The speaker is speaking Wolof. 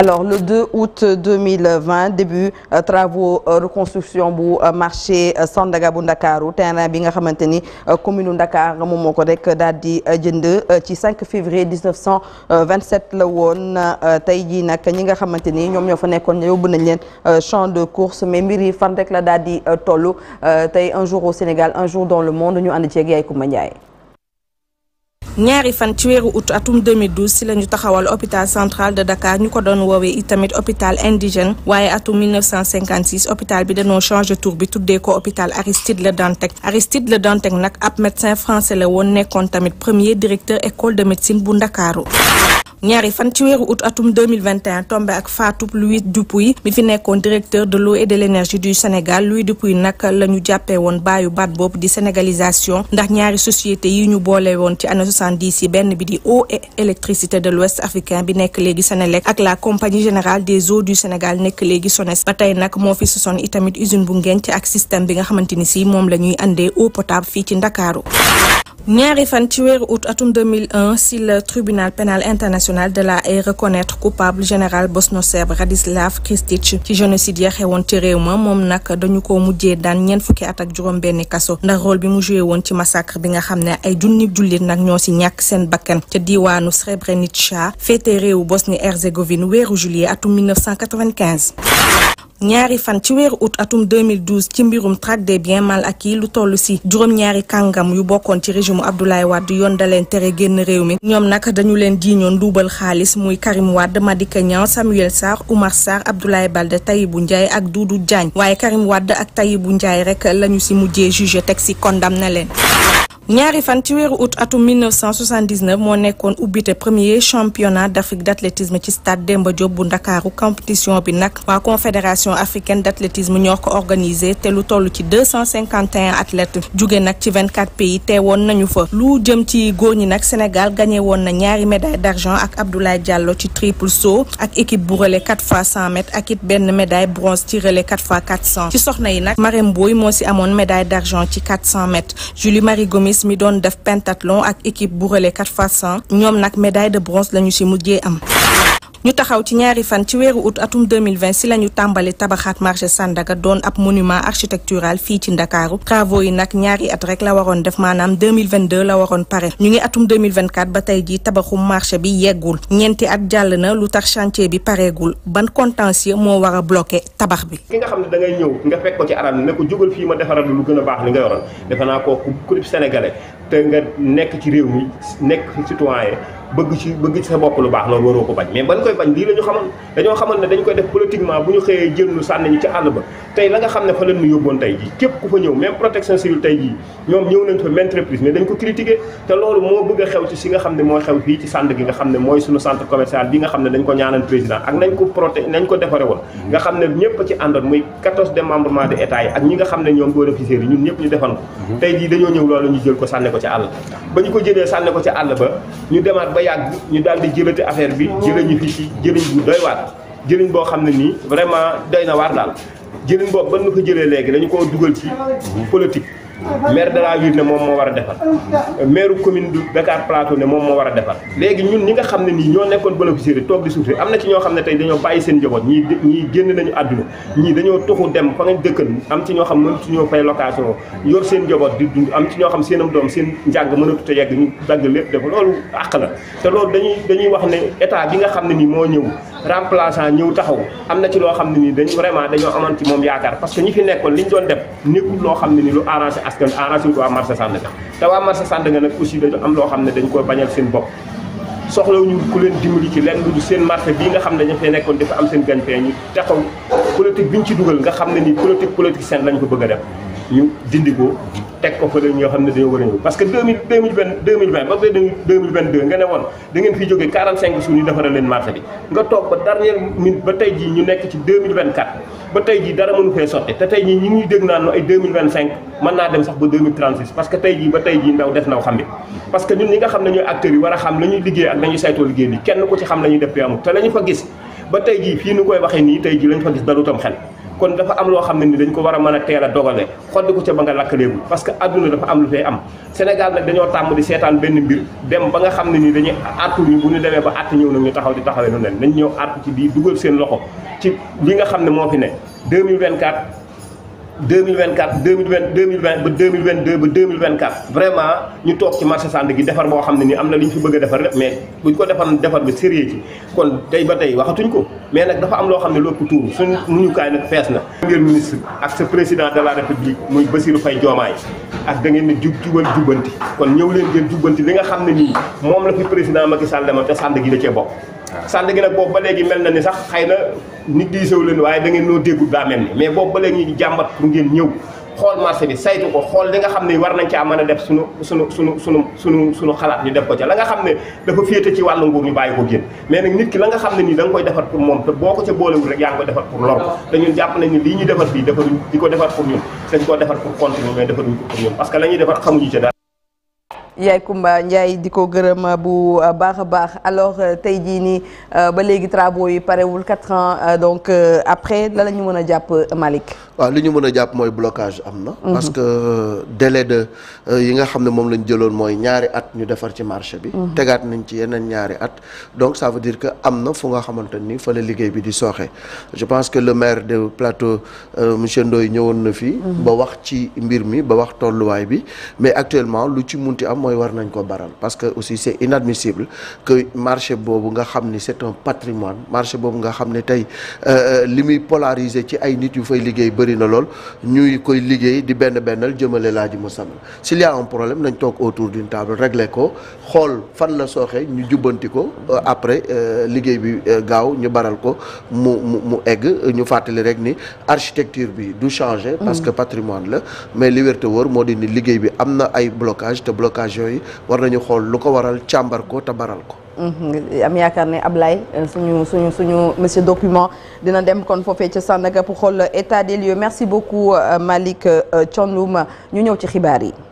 alors le 2 août 2020 début euh, travaux euh, reconstruction bu euh, marché Sandaga bu Ndakaaru terrain bi nga xamante ni commune Ndakaar moom moo ko rek daal di jënd ci 5 février 1927 la woon tey jii nag ñi nga xamante ni ñoom ñoo fa nekkoon yóbbu nañ leen champ de course mais mbir yi fan rek la dal di toll tey un jour au Sénégal un jour dans le monde ñu ànd ceeg yaay Kumba Ndiaye ñaari fan ci weeru août atum 2012 si la ñu taxawal hôpital central de Dakar ñu ko doon woowee itamit hôpital indigène waaye atum 1956 hôpital bi dañoo changé tur bi tuddee ko hôpital Aristide Le Dantec Aristide Le Dantec nag ab médecin français la woon nekkoon tamit premier directeur école de médecine bu Ndakaaru ñaari fan ci weeru août atum 2021 tombé ak faatu Louis Dupuy mi fi nekkoon directeur de l'eau et de l'énergie du Sénégal Louis Dupuy nag la ñu jàppee woon baayu baat boobu di sénégalisation ndax ñaari société yi ñu boole woon ci année 70 yi benn bi di eau électricité de l'Ouest africain bi nekk léegi Sénélec ak la compagnie générale des eaux du Sénégal nekk léegi SONES ba tey nag moo fi sosoon itamit usine bu ngenc ak système bi nga xamante ni si moo la ñuy andee fii ci Ndakaaru ñaari fan ci weeru août atum 2001 si le tribunal pénal international international de la haye reconnaître coupable général bosno-serbe Radislav Krstić ci génocide ya xewoon ci réew ma moom nag dañu ko mujjee daan ñeent fukki at ak juróom benni kaso ndax rôle bi mu joué woon ci massacre bi nga xam ne ay junni jullit nag ñoo si ñàkk seen bakkan ca diiwaanu Srebrenica féete réewu Bosnie Herzégovine weeru juillet atum 1995 ñaari fan ci weeru août atum 2012 ci mbirum traque des bien mal acquis lu toll si juróom-ñaari kàngam yu bokkoon ci régime Abdoulaye Wade yoon da leen tere génn réew mi ñoom nag dañu leen jiiñoon duubal xaalis muy Karim Wade Madické Niang Samuel Sarr Oumar Sarr Abdoulaye Balde Tahibou Ndiaye ak Doudou jaañ waaye Karim Wade ak Tahibou Ndiaye rek lañu si mujjee jugé teg si na leen ñaari fan ci weeru août atum 1979 moo nekkoon ubbite premier championnat d'Afrique d'athlétisme ci stade Demba Diop bu ndakaaru compétition bi nag waa confédération africaine d'athlétisme ñoo ko organisé te lu toll ci 251 athlètes jóge nag ci 24 pays woon nañu fa lu jëm ci góor ñi nag Sénégal gagné woon na ñaari médaille d'argent ak Abdoulaye jallo ci triple saut ak équipe bu relais 4 x 100 mètres ak it benn médaille bronze ci relais 4 x 400 ci soxna yi nag Marème Boye moo si amoon médaille d'argent ci 400 mètres Julie Marie Papis mi doon def pentathlon ak équipe bu relais 4 x ñoom nag médaille de bronze lañu ci mujjee am ñu taxaw ci ñaari fan ci weeru août atum 2020 si la ñu tàmbali tabaxaat marché Sandaga doon ab monument architectural fii ci Ndakaaru travaux yi nag ñaari at rek la waroon def maanaam 2022 la waroon pare ñu ngi atum 2024 ba tey jii tabaxu marché bi yeggul ñeenti at jàll na lu tax chantier bi pareegul ban contentieux moo war a bloqué tabax bi. ki nga xam ne da ngay ñëw nga fekk ko ci anam ne ko jógal fii ma defaral lu gën a baax li nga yoroon defe ko ku ku sénégalais nga nekk ci bëgg ci bëgg ci sa bopp lu baax loolu waroo ko bañ mais ban koy bañ lii la xamoon dañoo xamoon ne dañ koy def politiquement bu ñu xëyee jël nu sànni ñu ci àll ba tey la nga xam ne fa leen ñu yóbboon tey jii ku fa ñëw même protection civile tey jii ñoom ñëw nañ ko critiqué te loolu moo bëgg a nga xam ne mooy xew fii ci sànd gi nga xam ne mooy suñu centre commercial bi ne dañ ko ñaanal président ko proté nañ ko defare ne ñëpp ci àndoon muy 14 démembrement de état yi ak nga xam ne ñoom bénéficiaires yi ñun ñëpp ñu defan ko mhm. tey jii dañoo ñëw loolu ñu jël ko sànni ko ci àll ba ñu ko jëlee sànni ko ci àll ba ñu demaat ba yàgg ñu daal di jëlati affaire bi jëlañu fi ci jëriñ bu doy waar jëriñ boo xam ne nii vraiment doy na waar daal jëriñ boobu ban na ko jëlee léegi dañu koo dugal ci politique maire de la ville ne moom moo war a defar maire commune du Dakar Plateau ne moom moo war a defar léegi ñun ñi nga xam ne nii ñoo nekkoon bloc séeréer toog di souffrir am na ci ñoo xam ne tey dañoo bàyyi seen njaboot ñii ñii génn nañu àdduna ñii dañoo toxu dem fa nga dëkkan am ci ñoo xam mënatu suñoo fay location ñor seen njaboot di dund am ci ñoo xam seenam doom seen njàng mënatut a yegg ñu dagg lépp def loolu àq la te loolu dañuy dañuy wax ne état bi nga xam ne nii moo ñëw remplaçant ñëw taxaw am na ci loo xam ne nii dañ vraiment dañoo amoon ci moom yaakaar parce que ñi fi nekkoon li ñu doon def nekkul loo xam ne ni lu arrangé askan arrangé wut waa marché Sandaga te waa marché Sandaga nag aussi dañu am loo xam ne dañ ko bañal seen bopp soxlawuñu ku leen dimbali ci lenn du seen marché bii nga xam ne dañu fee nekkoon dafa am seen gagne-pain ñu taxaw politique bi ci dugal nga xam ne nii politique politique seen lañ ko bëgg a ñu dindi ko teg ko fële ñoo xam ne parce que deux mille deux mille vingt deux mille vingt deux nga ne woon da ngeen fi jógee 45 suuf ñu defaral leen marché bi nga toog ba dernière minute ba tey jii ñu nekk ci 2024 ba tey jii dara mënu fee sotti te tey jii ñi ngi dégg naan ay 2025 mën naa dem sax ba 2036 parce que tey jii ba tey jii ndaw def naw xam ne parce que ñun ñi nga xam ne ñooy acteurs yi war a xam la ñuy liggéey ak la ñuy waxee nii tey jii la ñu fa gis kon dafa am loo xam ne ni dañ ko war a mën a teel a dogale xoddi ko ca ba nga lakkaleegul parce que adduna dafa am lu fay am Sénégal nag dañoo tàmm di seetaan benn mbir dem ba nga xam ne ni dañuy àttu ñu bu ñu demee ba àtt ñëw na ñu taxaw di taxawee nu nen nañ ñëw àttu ci bii dugal seen loxo ci bii nga xam ne moo fi ne 2024 2024 2020 2020 ba 2022 ba 2024 vraiment ñu toog ci marché Sandaga gi defar boo xam ne nii am na li ñu fi bëgg a defar lépp mais buñ ko defar defar bi sérieux ci kon tey ba tey waxatuñ ko mais nag dafa am loo xam ne lépp tuuru suñ muñu kaay nag fees na président de la république muy Bassirou Faye Diomaye ak da ngeen ne jub jubal jubbanti kon ñëw leen ngeen jubbanti li nga xam ne nii moom la fi président Macky Sall demal te Sandaga gi da cee bokk sànd gi nag boobu ba léegi mel na ni sax xëy na nit di sew leen waaye da ngeen noo déggul daa mel ni mais boobu ba léegi ñu jàmbat pour ngeen ñëw xool marché bi saytu ko xool di nga xam ne war nañ caa mën a def suñu suñu suñu suñu suñu suñu xalaat ñu def ko ca la nga xam ne dafa féete ci wàllu nga xam ne nii da koy defar pour moom te boo ko ca boolewul rek yaa ngi ko defar pour lor te ñun jàpp nañ lii ñu defar fii defaruñ di ko defar pour ñun dañ koo defar pour continuer mais defaruñ ko pour ñun parce que la defar xamuñu ca yaay Kumba Ndiaye di ko gërëm uh, bu uh, baax a baax alors uh, tey jii nii ba léegi travaux yi parewul quatre ans donc après la la ñu mën a jàpp Malick. waaw li ñu mën a jàpp mooy blocage am na. Mhm. parce que délai de yi nga xam ne moom lañ jëloon mooy ñaari at ñu defar ci marché bi. Mhm. tegaat nañ ci yeneen ñaari at donc ça veut dire que am na fu nga xamante ni fa la liggéey bi di sooxe je pense que le maire de plateau monsieur Ndoye ñëwoon na fii. Mhm. ba wax ci mbir mi ba wax tolluwaay bi mooy war nañ ko baral parce que aussi c'est inadmissible que marché boobu nga xam ni c'est un patrimoine marché boobu nga xam ne tey euh, euh, li muy polariser ci ay nit yu fay liggéey bëri na lool ñuy koy liggéey di benn bennal jëmale laa ji mu sam s'il y a un problème nañ toog autour d'une table régler ko xool fan la sooxee ñu jubbanti ko euh, après liggéey bi gaaw ñu baral ko mu mu mu egg ñu fàttali rek ni architecture bi du changer parce mmh. que patrimoine la mais li wér te liggéey bi am na ay blocage te décision yi war nañu xool lu ko waral càmbar ko te baral ko. Mhm. am yaakaar ne Ablaye euh, suñu suñu suñu monsieur document dina dem kon foofee ca Sandaga pour xool état des lieux merci beaucoup euh, Malick euh, Thiandoum ñu ñëw ci xibaar yi.